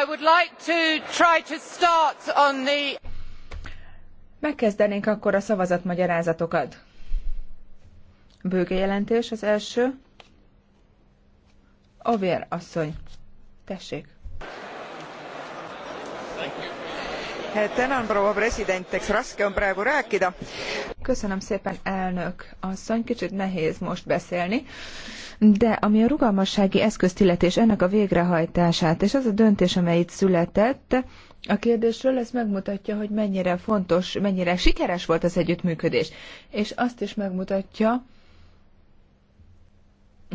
I would like to try to start on the... Megkezdenénk akkor a szavazatmagyarázatokat. Bőge jelentés az első. Ovér asszony, tessék. Eh, köszönöm szépen elnök asszony kicsit nehéz most beszélni de ami a rugalmassági eszközt illeti és ennek a végrehajtását és az a döntés amely itt született a kérdésről ez megmutatja hogy mennyire fontos mennyire sikeres volt az együttműködés és azt is megmutatja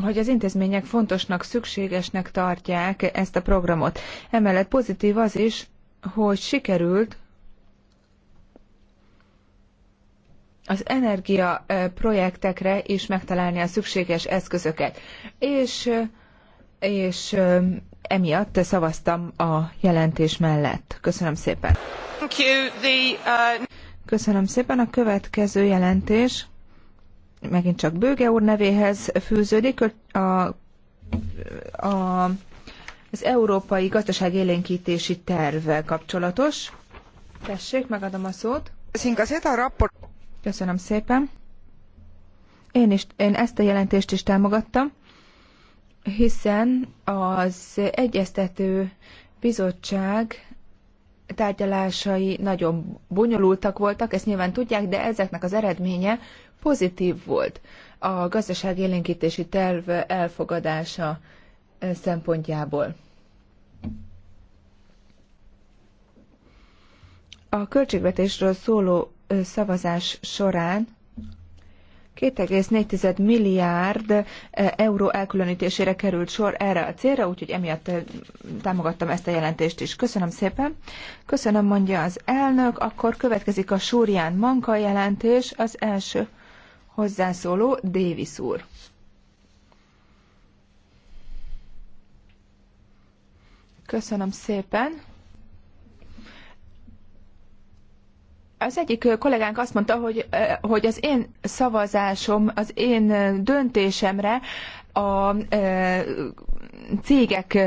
hogy az intézmények fontosnak, szükségesnek tartják ezt a programot. Emellett pozitív az is, hogy sikerült az energia projektekre is megtalálni a szükséges eszközöket. És, és emiatt szavaztam a jelentés mellett. Köszönöm szépen. Uh, Köszönöm szépen. A következő jelentés megint csak Bőge úr nevéhez fűződik. A, a az Európai Gazdaság Élénkítési Tervvel kapcsolatos. Tessék, megadom a szót. Köszönöm szépen. Én, is, én ezt a jelentést is támogattam, hiszen az egyeztető bizottság tárgyalásai nagyon bonyolultak voltak, ezt nyilván tudják, de ezeknek az eredménye pozitív volt a gazdaság élénkítési terv elfogadása szempontjából. a költségvetésről szóló szavazás során 2,4 milliárd euró elkülönítésére került sor erre a célra, úgyhogy emiatt támogattam ezt a jelentést is. Köszönöm szépen. Köszönöm, mondja az elnök. Akkor következik a Súrián Manka jelentés. Az első hozzászóló Davis úr. Köszönöm szépen. Az egyik kollégánk azt mondta, hogy, hogy az én szavazásom, az én döntésemre a cégek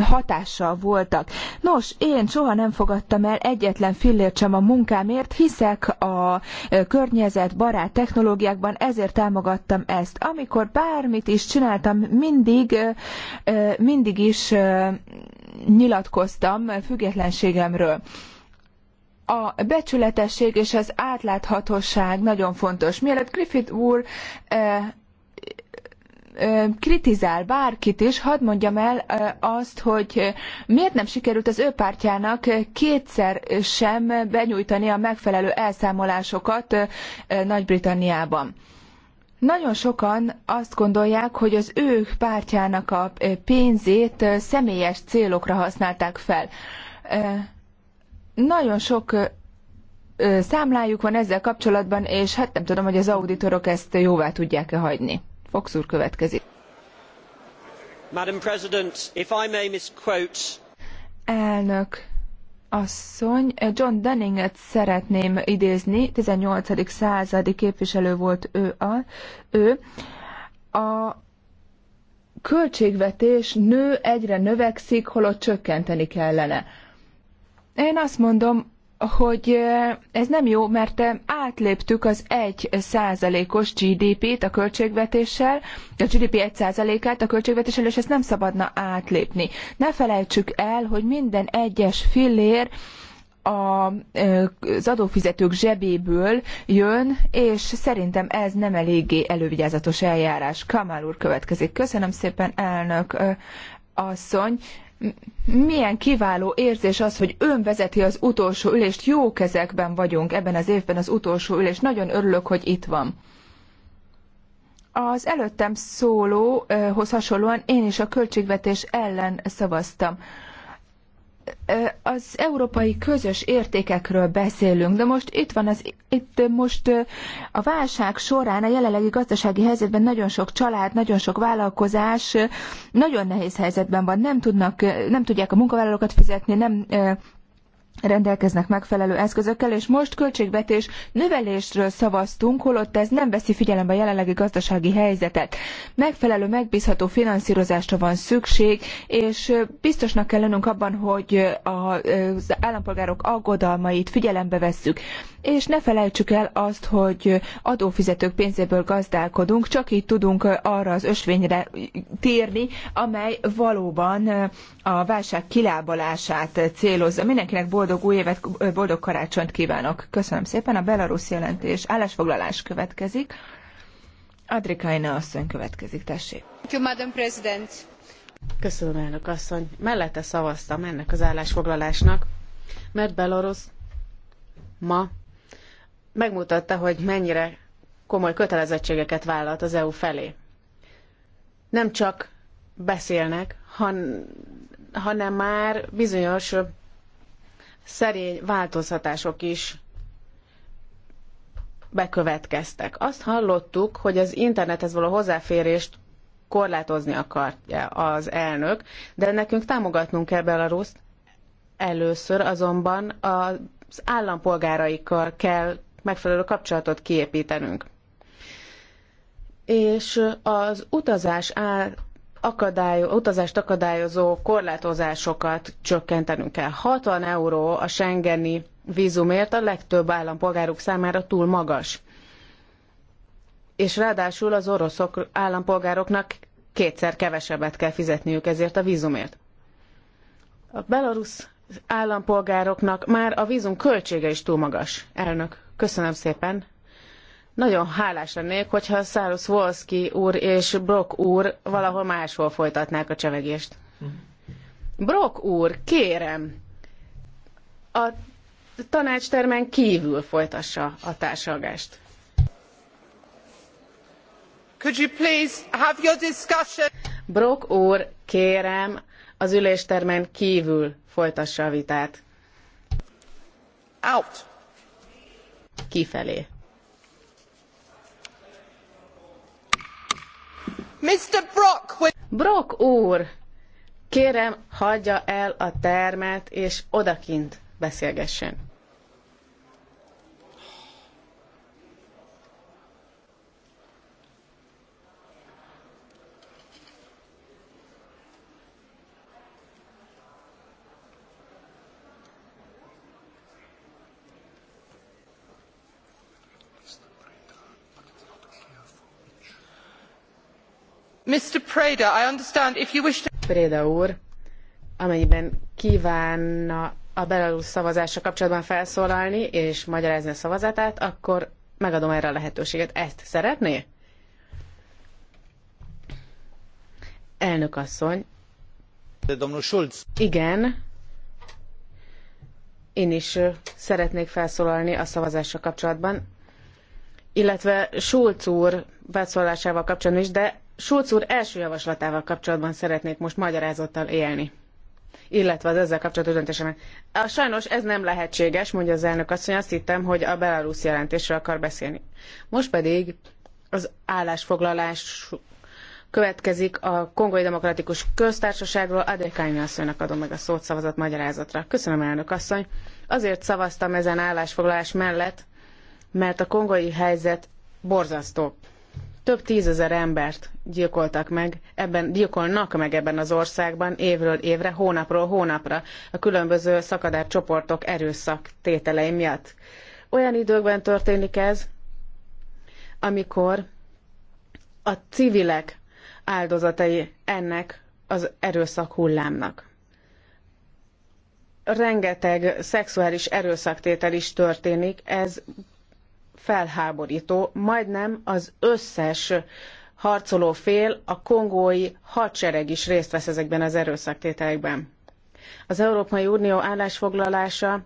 hatással voltak. Nos, én soha nem fogadtam el egyetlen fillért sem a munkámért, hiszek a környezetbarát technológiákban, ezért támogattam ezt. Amikor bármit is csináltam, mindig, mindig is nyilatkoztam függetlenségemről a becsületesség és az átláthatóság nagyon fontos. Mielőtt Griffith úr eh, eh, kritizál bárkit is, hadd mondjam el eh, azt, hogy miért nem sikerült az ő pártjának kétszer sem benyújtani a megfelelő elszámolásokat Nagy-Britanniában. Nagyon sokan azt gondolják, hogy az ő pártjának a pénzét személyes célokra használták fel. Nagyon sok számlájuk van ezzel kapcsolatban, és hát nem tudom, hogy az auditorok ezt jóvá tudják-e hagyni. Fox úr következik. Madam President, if I may misquote... Elnök asszony, John Dunninget szeretném idézni, 18. századi képviselő volt ő a, ő. A költségvetés nő, egyre növekszik, holott csökkenteni kellene. Én azt mondom, hogy ez nem jó, mert átléptük az 1 százalékos GDP-t a költségvetéssel, a GDP 1 százalékát a költségvetéssel, és ezt nem szabadna átlépni. Ne felejtsük el, hogy minden egyes fillér a, az adófizetők zsebéből jön, és szerintem ez nem eléggé elővigyázatos eljárás. Kamal úr következik. Köszönöm szépen, elnök asszony milyen kiváló érzés az, hogy ön vezeti az utolsó ülést, jó kezekben vagyunk ebben az évben az utolsó ülés, nagyon örülök, hogy itt van. Az előttem szólóhoz hasonlóan én is a költségvetés ellen szavaztam az európai közös értékekről beszélünk, de most itt van az, itt most a válság során, a jelenlegi gazdasági helyzetben nagyon sok család, nagyon sok vállalkozás nagyon nehéz helyzetben van, nem tudnak, nem tudják a munkavállalókat fizetni, nem rendelkeznek megfelelő eszközökkel, és most költségvetés növelésről szavaztunk, holott ez nem veszi figyelembe a jelenlegi gazdasági helyzetet. Megfelelő, megbízható finanszírozásra van szükség, és biztosnak kell lennünk abban, hogy az állampolgárok aggodalmait figyelembe vesszük. És ne felejtsük el azt, hogy adófizetők pénzéből gazdálkodunk, csak így tudunk arra az ösvényre térni, amely valóban a válság kilábalását célozza. Mindenkinek boldog boldog új évet, boldog karácsonyt kívánok. Köszönöm szépen. A belarusz jelentés állásfoglalás következik. Adrikaina asszony következik, tessék. Köszönöm, elnök asszony. Mellette szavaztam ennek az állásfoglalásnak, mert Belarus ma megmutatta, hogy mennyire komoly kötelezettségeket vállalt az EU felé. Nem csak beszélnek, han, hanem már bizonyos szerény változhatások is bekövetkeztek. Azt hallottuk, hogy az internethez való hozzáférést korlátozni akarja az elnök, de nekünk támogatnunk kell Belaruszt. Először azonban az állampolgáraikkal kell megfelelő kapcsolatot kiépítenünk. És az utazás akadályo, utazást akadályozó korlátozásokat csökkentenünk kell. 60 euró a Schengeni vízumért a legtöbb állampolgáruk számára túl magas. És ráadásul az oroszok állampolgároknak kétszer kevesebbet kell fizetniük ezért a vízumért. A belarusz állampolgároknak már a vízum költsége is túl magas. Elnök, köszönöm szépen. Nagyon hálás lennék, hogyha Szárusz Wolski úr és Brock úr valahol máshol folytatnák a csevegést. Brock úr, kérem, a tanácstermen kívül folytassa a társalgást. Could you please have your discussion? Brock úr, kérem, az üléstermen kívül folytassa a vitát. Out. Kifelé. Mr. Brock, Brock úr, kérem, hagyja el a termet, és odakint beszélgessen. Preda, úr, amennyiben kvánna a Belarus szavazással kapcsolatban felszólalni és magyarázni a szavazatát, akkor megadom erre a lehetőséget. Ezt szeretné? Elnök asszony. Igen. Én is szeretnék felszólalni a szavazással kapcsolatban, illetve Schulz úr felszólalásával kapcsolatban is, de Schulz úr első javaslatával kapcsolatban szeretnék most magyarázattal élni illetve az ezzel kapcsolatos döntésemet. Sajnos ez nem lehetséges, mondja az elnök asszony, azt hittem, hogy a Belarus jelentésről akar beszélni. Most pedig az állásfoglalás következik a Kongói Demokratikus Köztársaságról. Adekány asszonynak adom meg a szót szavazat magyarázatra. Köszönöm, elnök asszony. Azért szavaztam ezen állásfoglalás mellett, mert a kongói helyzet borzasztó. Több tízezer embert gyilkoltak meg, ebben gyilkolnak meg ebben az országban évről évre, hónapról hónapra a különböző csoportok erőszak tételei miatt. Olyan időkben történik ez, amikor a civilek áldozatai ennek az erőszak hullámnak. Rengeteg szexuális erőszaktétel is történik, ez felháborító, majdnem az összes harcoló fél, a kongói hadsereg is részt vesz ezekben az erőszaktételekben. Az Európai Unió állásfoglalása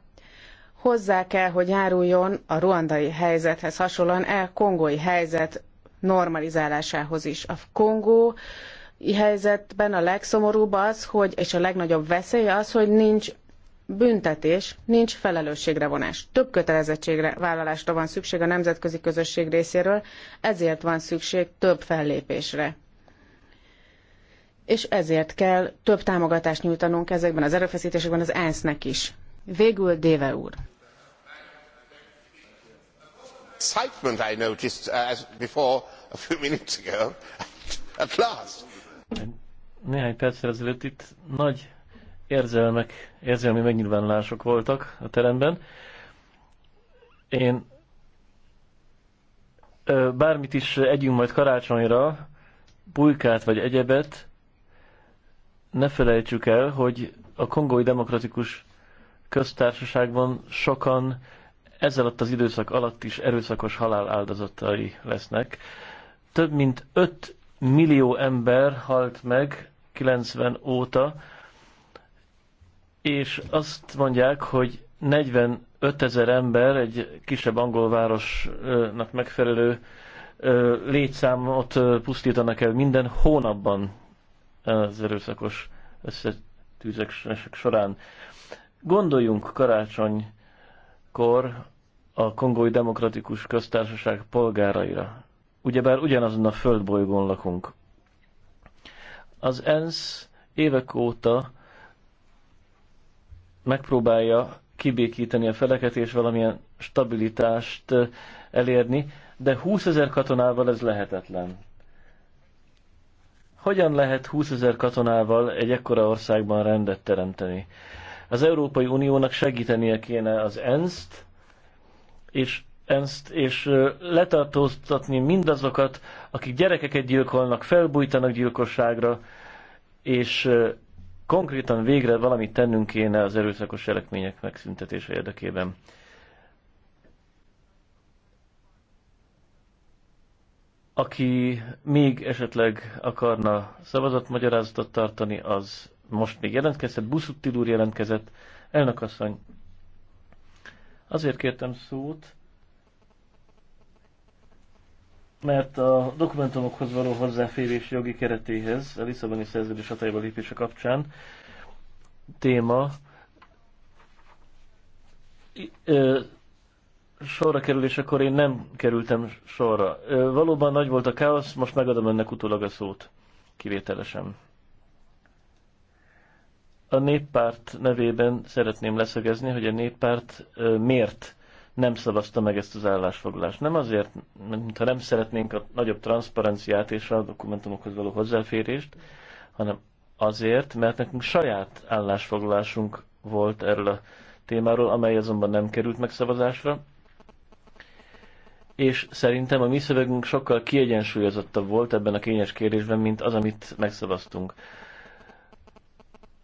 hozzá kell, hogy járuljon a ruandai helyzethez hasonlóan e kongói helyzet normalizálásához is. A kongó helyzetben a legszomorúbb az, hogy, és a legnagyobb veszély az, hogy nincs büntetés, nincs felelősségre vonás. Több kötelezettségre, vállalásra van szükség a nemzetközi közösség részéről, ezért van szükség több fellépésre. És ezért kell több támogatást nyújtanunk ezekben az erőfeszítésekben az ENSZ-nek is. Végül Déve úr. Excitement I noticed uh, as before a few minutes ago. At last. Néhány perccel ezelőtt itt nagy érzelmek, érzelmi megnyilvánulások voltak a teremben. Én bármit is együnk majd karácsonyra, pulykát vagy egyebet, ne felejtsük el, hogy a Kongói Demokratikus Köztársaságban sokan ez alatt az időszak alatt is erőszakos halál áldozatai lesznek. Több mint 5 millió ember halt meg 90 óta és azt mondják, hogy 45 ezer ember egy kisebb angol városnak megfelelő létszámot pusztítanak el minden hónapban az erőszakos összetűzések során. Gondoljunk karácsonykor a Kongói Demokratikus Köztársaság polgáraira. Ugyebár ugyanazon a földbolygón lakunk. Az ENSZ évek óta megpróbálja kibékíteni a feleket és valamilyen stabilitást elérni, de 20 ezer katonával ez lehetetlen. Hogyan lehet 20 ezer katonával egy ekkora országban rendet teremteni? Az Európai Uniónak segítenie kéne az ENSZ-t, és ENSZ-t, és letartóztatni mindazokat, akik gyerekeket gyilkolnak, felbújtanak gyilkosságra, és konkrétan végre valamit tennünk kéne az erőszakos cselekmények megszüntetése érdekében. Aki még esetleg akarna szavazatmagyarázatot tartani, az most még jelentkezett, Buszuttil úr jelentkezett, elnökasszony. Azért kértem szót, mert a dokumentumokhoz való hozzáférés jogi keretéhez, a Lisszaboni szerződés hatályba lépése kapcsán téma ö, sorra kerülésekor én nem kerültem sorra. Ö, valóban nagy volt a káosz, most megadom önnek utólag a szót, kivételesen. A néppárt nevében szeretném leszögezni, hogy a néppárt ö, miért nem szavazta meg ezt az állásfoglalást. Nem azért, mintha nem szeretnénk a nagyobb transzparenciát és a dokumentumokhoz való hozzáférést, hanem azért, mert nekünk saját állásfoglalásunk volt erről a témáról, amely azonban nem került megszavazásra. És szerintem a mi szövegünk sokkal kiegyensúlyozottabb volt ebben a kényes kérdésben, mint az, amit megszavaztunk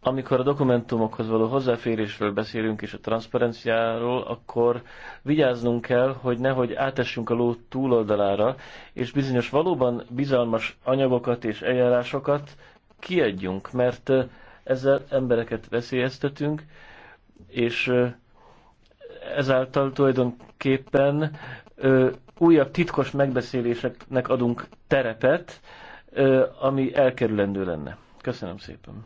amikor a dokumentumokhoz való hozzáférésről beszélünk és a transzparenciáról, akkor vigyáznunk kell, hogy nehogy átessünk a ló túloldalára, és bizonyos valóban bizalmas anyagokat és eljárásokat kiadjunk, mert ezzel embereket veszélyeztetünk, és ezáltal tulajdonképpen újabb titkos megbeszéléseknek adunk terepet, ami elkerülendő lenne. Köszönöm szépen!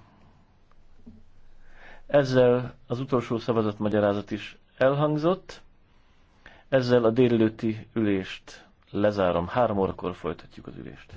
Ezzel az utolsó szavazatmagyarázat is elhangzott. Ezzel a délelőtti ülést lezárom. Három órakor folytatjuk az ülést.